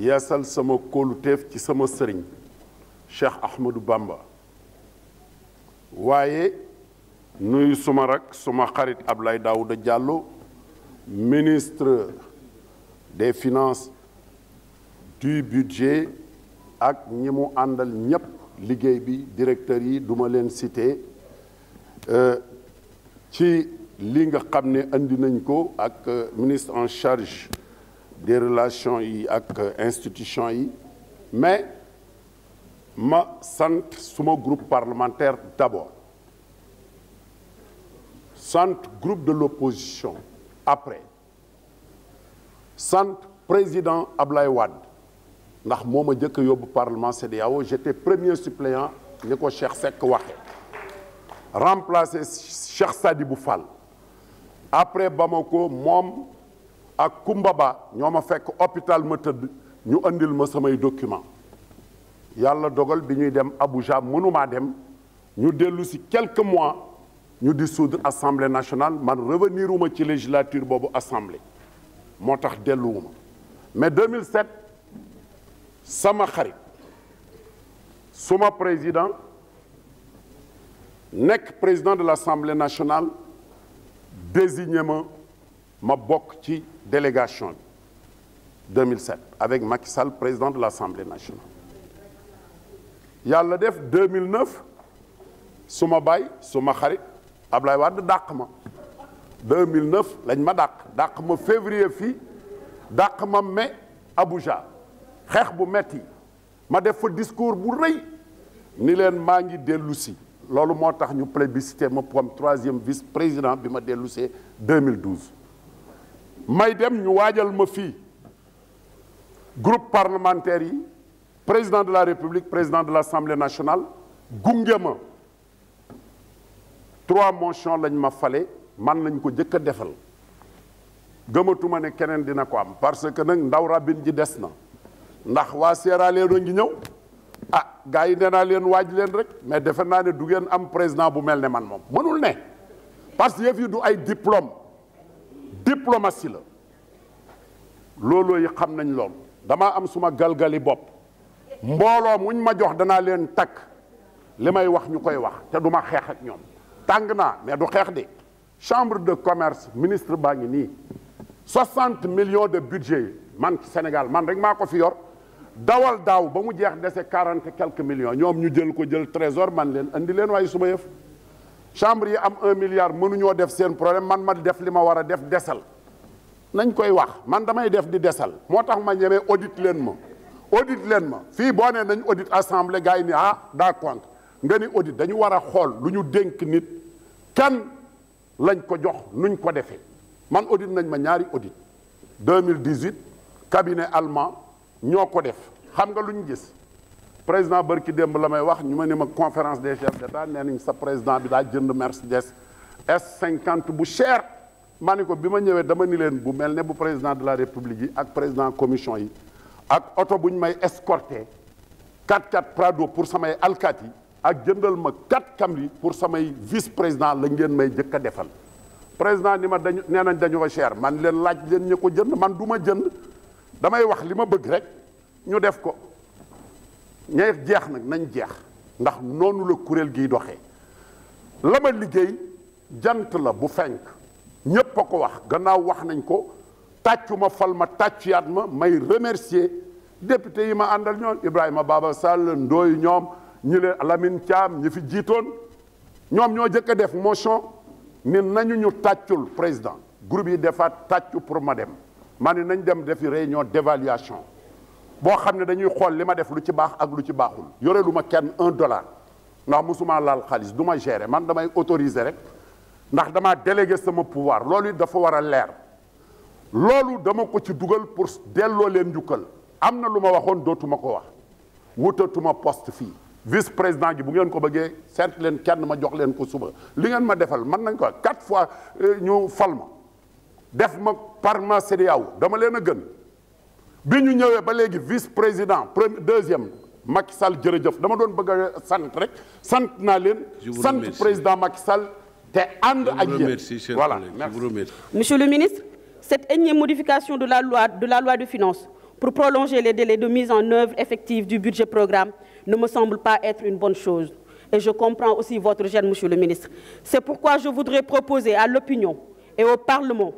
yeesal sama kóoluteef ci sama sëriñ Cheikh Ahmadou bàmba waaye nuyu suma rak suma xarit Abdoulaye Daouda Diallo ministre des finances du budget ak ñi mu àndal ñépp liggéey bi directeur yi duma leen citer euh, ci li nga xam ne indi nañ ko ak euh, ministre en charge de relations yi ak institution yi mais ma sant suma groupe parlementaire d'abord sant groupe de l'opposition après sant président Ablaye Wade ndax moo ma njëkk a yóbbu parlement CEDEAO j'étais premier suppléant ni ko Cheikh Seck waxe remplacé Cheikh Sadibou Fall après Bamako moom ak Kumba Ba ñoo ma fekk hôpital ma tëdd ñu andil ma samay document yàlla dogal bi ñuy dem Abuja mënumaa dem ñu dellu si quelques mois ñu dissoudre assemblée nationale man revenir wuma ci législature boobu assemblée moo tax delluwuma mais 2007 sama xarit suma président nekk président de l'assemblée nationale désigné ma ma bokk ci délégation bi 2007 avec Macky Sall président de l'Assemblée nationale yàlla def 2009 su ma baay su ma xarit Ablaye Wade dàq ma 2009 lañ ma dàq dàq ma février fii dàq ma mai Abuja xeex bu metti ma def fa discours bu rëy ni leen maa ngi dellusi loolu moo tax ñu plébiscité ma pour am troisième vice président bi ma dellu see 2012 may dem ñu waajal ma fii groupe parlementaire yi président de la république président de l'assemblée nationale gunge ma trois motions lañ ma fale man lañ ko jëkk a defal gëmatuma ne keneen dina ko am parce que nag ndaw rabin ji des na ndax waa Sierra Leone a ngi ñëw ah gars yi nee naa leen waaj leen rek mais defe naa ne du am président bu mel ne man moom mënul ne parce que yëf yi du ay diplôme diplomatie la loolooyu xam nañ lool damaa am suma galgali bopp mbooloo muñ ma jox danaa leen takk li may wax ñu koy wax te du ma xeex ak ñoom tàng naa mais du xeex di chambre de commerce ministre baa ngi nii 60 millions de budget man Sénégal man rek maa ko fi yor dawal daaw ba mu jeex dese quarante quelque million ñoom ñu jël ko jël trésor man leen indi leen waaye suma yëf chambre yi am un milliard mënuñoo def seen problème man ma def li ma war a def desal nañ koy wax man damay def di desal moo tax ma ñemee audit leen ma audit leen ma fii boo nee nañ audite assemblée gars yi ni ah daa compte nga ni audit dañu war a xool lu ñu dénk nit kan lañ ko jox nuñ ko defee man audit nañ ma ñaari audit 2018 cabinet allemand ñoo ko def xam nga lu ñu gis président bërki démb la may wax ñu ma ne ma conférence des chefs d'État nee nañ sa président bi daa jënd Mercedes s cinquante bu cher maa ni ko bi ma ñëwee dama ni leen bu mel ne bu président de la république yi ak président commission yi ak oto bu ñu may escorté 4-4 Prado pour samay alkaati ak jëndal ma 4 Camry pour samay vice président la ngeen may jëkk a defal président ni ma dañu nee nañ dañu ko cher man leen laaj leen ñu ko jënd man du ma jënd damay wax li ma bëgg rek ñu def ko ñay jeex nag nañ jeex ndax noonu la kuréel giy doxee la ma liggéey jant la bu fenk ñépp a ko wax gannaaw wax nañ ko tàccu ma fal ma tàccuyaat ma may remercier député yi ma àndal ñoom Ibrahima Baba Sall Ndoye ñoom ñi leen Lamine Thiam ñi fi jiitoon ñoom ñoo jëkk a def motion ni nañu ñu tàccul président groupe yi defaat tàccu pour ma dem maa ni nañ dem defi réunion d'évaluation boo xam ne dañuy xool li ma def lu ci baax ak lu ci baaxul yore lu ma kenn un dollar ndax mosuma laal xaalis du ma gérer man damay autoriser rek ndax damaa délégué sama pouvoir loolu dafa war a leer loolu dama ko ci dugal pour delloo leen njukkal am na lu ma waxoon dootuma ko wax wutatuma post fii vice président gi bu ngeen ko bëggee seet leen kenn ma jox leen ko suba li ngeen ma defal mën nañ ko quatre fois euh, ñu fal ma def ma parlement CEDEAO dama leen a gën bi ñu ñëwee ba léegi vice président premier deuxième Macky Sall jërëjëf dama doon bëgg a sant rek sant naa leen. sant président Macky Sall te ànd ak monsieur le ministre cette énième modification de la loi de la loi de finances pour prolonger les délais de mise en œuvre effective du budget programme ne me semble pas être une bonne chose et je comprends aussi votre gêne monsieur le ministre c'est pourquoi je voudrais proposer à l'opinion et au Parlement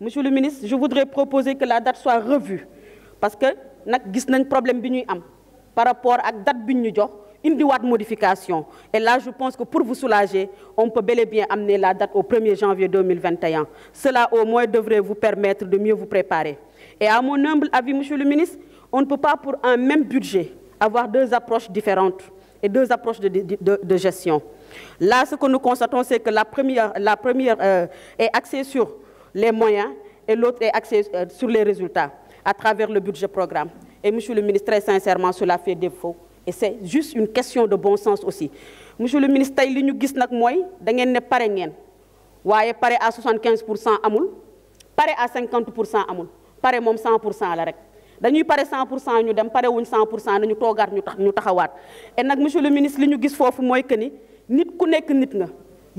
monsieur le ministre je voudrais proposer que la parce que nag gis nañ problème bi ñuy am par rapport ak date bi ñu jox indiwaat modification et là je pense que pour vous soulager on peut bel et bien amener la date au 1er janvier cela au moins devrait vous permettre de mieux vous préparer et à mon humble avis monsieur le ministre on ne peut pas pour un même budget avoir deux approches différentes et deux approches de, de, de, de gestion là ce que nous constatons c'est que la première, la première euh, est axée sur les moyens et l'autre euh, sur les résultats à travers le budget programme. Et Monsieur le ministre, très sincèrement, cela fait défaut. Et c'est juste une question de bon sens aussi. Monsieur le ministre, tey li ñu gis nag mooy da ngeen ne pare ngeen waaye pare à 75 pour cent amul pare à 50 pour cent amul pare moom 100 pour cent la rek. dañuy pare 100 pour cent ñu dem pare wuñ 100 pour cent nañu toogaat ñu tax ñu taxawaat et nag monsieur le ministre li ñu gis foofu mooy que ni nit ku nekk nit nga.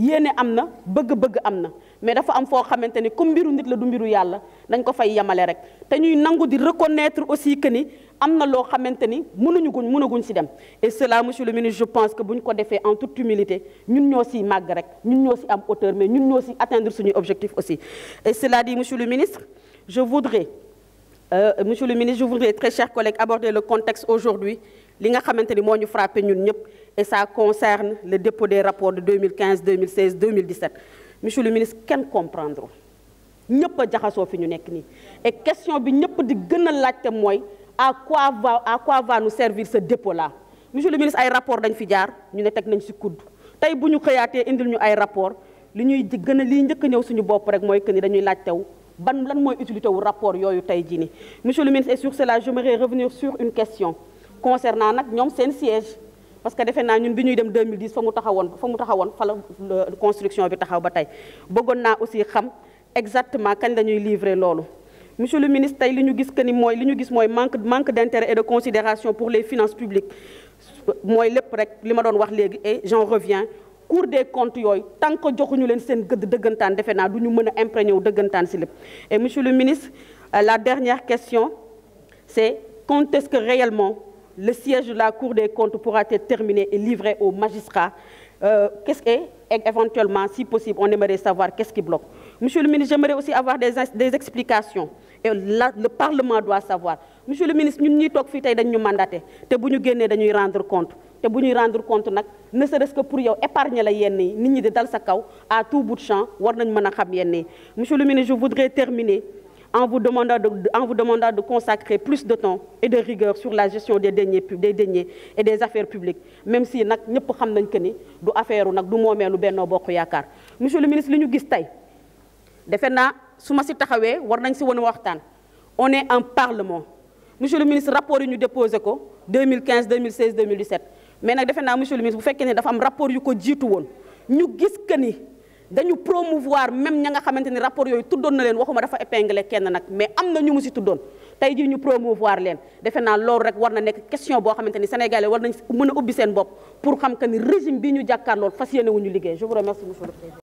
yéene am na bëgg-bëgg am na mais dafa am foo xamante ni comme mbiru nit la du mbiru yàlla dañ ko fay yemale rek te ñuy nangu di reconnaître aussi que ni am na loo xamante ni mënuñu guñ mënaguñ si dem et cela monsieur le ministre je pense que bu ñu ko defee en toute humilité ñun ñoo siy màgg rek ñun ñoo si am hauteur mais ñun ñoo si atteindre suñuy objectif aussi et cela dit monsieur le ministre je voudrais euh, monsieur le ministre je voudrais très chers collègues aborder le nga xamante ni moo ñu frappé ñun ñëpp et ça concerne le dépôt des rapports de 2015 2016 2017 monsieur le ministre kenn comprendre ñëpp a jaxasoo fi ñu nekk nii et question bi ñëpp di gën a laajte mooy à quoi va à quoi va nous servir ce dépôt là monsieur ministre ay rapport dañ fi jaar ñu ne teg nañ si kudd tey bu ñu xëyaatee indil ñu ay rapport li ñuy gën a liy njëkk ñëw suñu bopp rek mooy que ni dañuy laajtew ban lan mooy utilité wu rapport yooyu tey jii ni monsieur le ministre et sur cela j'aimerais revenir sur nag ñoom seen siège parce que defe naa ñun bi ñuy dem 2010 fa mu taxawoon fa mu taxawoon fa la construction bi taxaw ba tey bëggoon naa aussi xam exactement kañ la ñuy livrer loolu. monsieur le ministre tey li ñu gis que ni mooy li ñu gis mooy manque manque d'intérêt et de considération pour les finances publiques mooy lépp rek li ma doon wax léegi et j'en reviens. cour des comptes yooyu tant que joxuñu leen seen gëdd dëggantaan defe naa du ñu mën a imprégné wu dëggantaan si lépp et monsieur le ministre euh, la dernière question est-ce que réellement. le siège de la Cour des comptes pourra être terminé et livré aux magistrats. Euh, quest éventuellement, si possible, on aimerait savoir qu'est-ce qui bloque. Monsieur le ministre, j'aimerais aussi avoir des, des explications. le Parlement doit savoir. Monsieur ministre, ñun ñuy toog fii tey dañu ñu te bu ñu génnee dañuy rendre compte te bu ñuy rendre compte nag ne serait-ce que pour yow épargner la yenn yi nit ñi de dal sa kaw à tout bout de champ war nañ mën a xam yenn yi monsieur le ministre je en vous demandant de, en vous demandant de consacrer plus de temps et de rigueur sur la gestion des deniers des deniers et des affaires publiques même si nag ñëpp xam nañ que du affaire u nag du moomeelu benn Bokk Yaakaar monsieur le ministre li ñu gis tey defe naa su ma si taxawee war nañ si wan waxtaan on est en parlement monsieur le ministre rapport yi ñu déposé ko 2015 2016 2017 mais nag defe naa monsieur le ministre bu fekkee ne dafa am rapport yu ko jiitu woon ñu gis que ni. dañu promouvoir même ña nga xamante ni rapport yooyu tuddoon na leen waxuma dafa épinglé kenn nag mais am na ñu mu si tuddoon tey jii ñu promouvoir leen defe naa loolu rek war na nekk question boo xamante ni sénégalais war nañ mën a ubbi seen bopp pour xam que ni régime bi ñu jàkkaarlool fas yéene wu ñu liggéey je